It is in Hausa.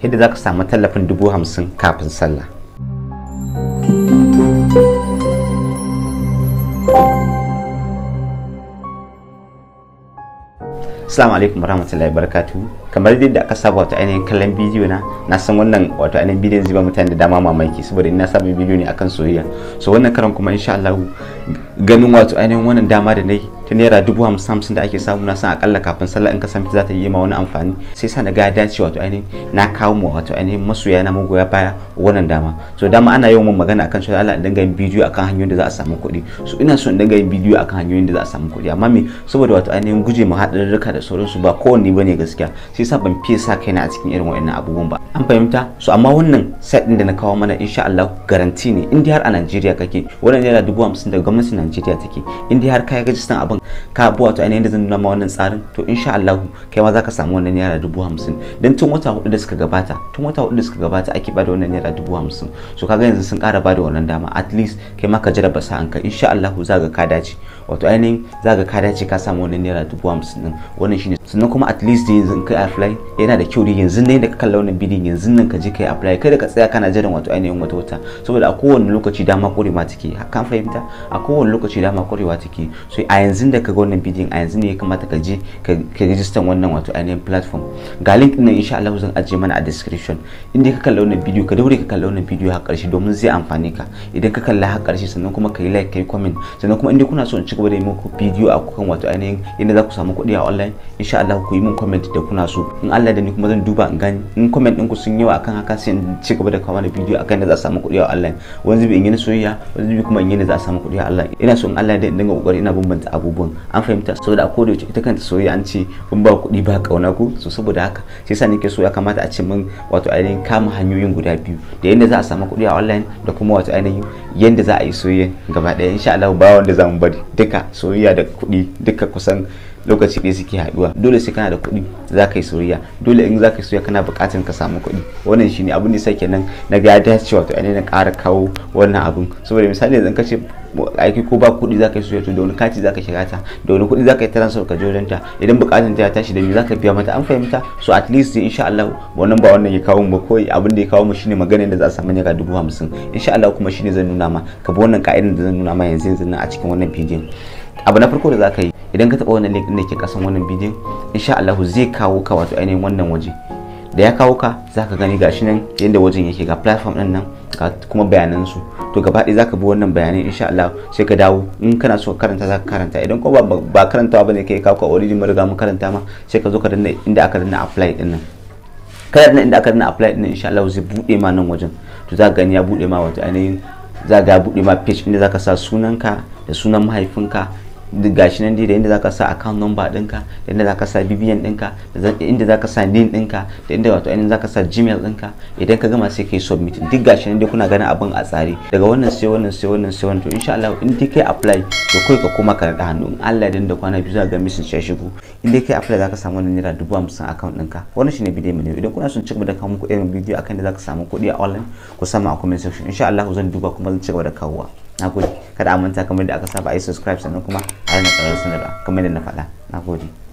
yadda za ka samu tallafin dubu hamsin kafin sallah Assalamu alaikum warahmatullahi barkatu kamar dai da aka saba wato ainihin kallon bidiyo na na san wannan wato ainihin bidiyon zai ba mutane da dama mamaki saboda ina sabon bidiyo ne akan soyayya so wannan karan kuma insha Allah ganin wato ainihin wannan dama da nayi ta naira dubu hamsin hamsin da ake samu na san akalla kafin sallah in ka san za ta yi ma wani amfani sai sa na ga ya dace wato ainihin na kawo mu wato ainihin masoya na magoya baya wannan dama so dama ana yawan mun magana akan cewa Allah dinga yin bidiyo akan hanyoyin da za a samu kuɗi so ina son dinga yin bidiyo akan hanyoyin da za a samu kuɗi amma me saboda wato ainihin guje mu haɗarurruka da sauransu ba kowanne bane gaskiya sai sa ban fiye sa kaina a cikin irin wa'annan abubuwan ba an fahimta so amma wannan set din da na kawo mana insha Allah garanti ne in har a Najeriya kake wannan naira dubu hamsin daga gwamnatin Najeriya take in har kai rajistan abin samu ka abu wato ainihin da zan nuna ma wannan tsarin to insha Allah kai ma za ka samu wannan naira dubu hamsin don tun wata hudu da suka gabata tun wata hudu da suka gabata ake bada wannan naira dubu hamsin so kaga yanzu sun kara bada wannan dama at least kai ma ka jarraba sa ka insha Allah za ka ka dace wato ainihin za ka ka dace ka samu wannan naira dubu hamsin din wannan shine sannan kuma at least da yanzu in kai apply yana da kyau yanzu ne da ka kalla wannan bidiyon yanzu nan ka je kai apply kada ka tsaya kana jiran wato ainihin wata wata saboda a kowane lokaci dama kurewa take kan fahimta a kowane lokaci dama kurewa take so a yanzu tunda da ka ga wannan bidiyon a yanzu ne ya kamata ka je ka rijistan wannan wato ainihin platform ga link din insha Allah zan ajiye mana a description inda ka kalla wannan bidiyo ka daure ka kalla wannan bidiyo har karshe domin zai amfane ka idan ka kalla har karshe sannan kuma ka yi like ka yi comment sannan kuma inda kuna so in ci gaba da yi muku bidiyo a kan wato ainihin inda za ku samu kuɗi a online insha Allah ku yi min comment da kuna so in Allah da ni kuma zan duba in gani in comment ɗinku sun yawa akan haka sai in ci gaba da kawo mana bidiyo akan da za a samu kuɗi a online wani zubi in yi na soyayya wani zubi kuma in yi na za a samu kuɗi a online ina so in Allah da in dinga kokari ina bambanta abu abubuwan an fahimta saboda da koda yaushe ita kanta soyayya an ce kun ba kuɗi ba kauna ku so saboda haka shi yasa nake so ya kamata a ce min wato ainihin kama hanyoyin guda biyu da yanda za a samu kuɗi a online da kuma wato ainihin yadda za a yi soyayya gaba ɗaya insha Allah ba wanda za mu bari duka soyayya da kuɗi duka kusan lokaci ɗaya suke haɗuwa dole sai kana da kuɗi za ka yi soyayya dole in za ka yi soyayya kana buƙatar ka samu kuɗi wannan shine abin da yasa kenan na ga ya dace wato ainihin ƙara kawo wannan abun saboda misali yanzu ka ce aiki ko ba kuɗi zaka yi soyayya da wani kati zaka shiga ta da wani kuɗi zaka yi transfer ka jojon ta idan bukatun ta ya tashi da me zaka biya mata an fahimta so at least sha Allah wannan ba wannan ya kawo mu ba abin da ya kawo mu shine magana da za a samu naira dubu hamsin insha Allah kuma shine zan nuna ma ka bi wannan ka'idan da zan nuna ma yanzu yanzu a cikin wannan bidiyon abu na farko da zaka yi idan ka taɓa wannan link da ke kasan wannan bidiyon insha Allah zai kawo ka wato ainihin wannan waje da ya kawo ka za ka gani gashi nan yadda wajen yake ga platform ɗin nan ga kuma bayanan su to gaba ɗaya za ka bi wannan bayanai insha Allah sai ka dawo in kana so karanta za ka karanta idan ko ba karantawa ba ne kai kawo ka already mun riga mun karanta ma sai ka zo ka danna inda aka danna apply ɗin nan kada nan inda aka danna apply ɗin insha Allah zai buɗe ma nan wajen to za ka gani ya buɗe ma wato ainihin za ga buɗe ma page inda za ka sa sunanka da sunan mahaifinka gashi nan da inda zaka sa account number ɗinka da inda zaka sa bbn ɗinka da inda zaka sa din ɗinka da inda wato ainihin zaka sa gmail ɗinka idan ka gama sai kai submit duk gashi nan dai kuna ganin abin a tsari daga wannan sai wannan sai wannan sai wannan to insha Allah in dai kai apply to kai ka koma ka da hannu in Allah ya da kwana biyu za ga mission ya shigo in dai kai apply zaka samu wannan naira dubu hamsin account ɗinka wannan shine bidiyon mu ne idan kuna son cigaba da kawo muku irin bidiyo akan da zaka samu kuɗi a online ku sama a comment section insha Allah zan duba kuma zan cigaba da kawowa na gode kada a manta kamar da aka saba a yi subscribe sannan kuma a rana ƙarar sanarwa kamar da na faɗa na gode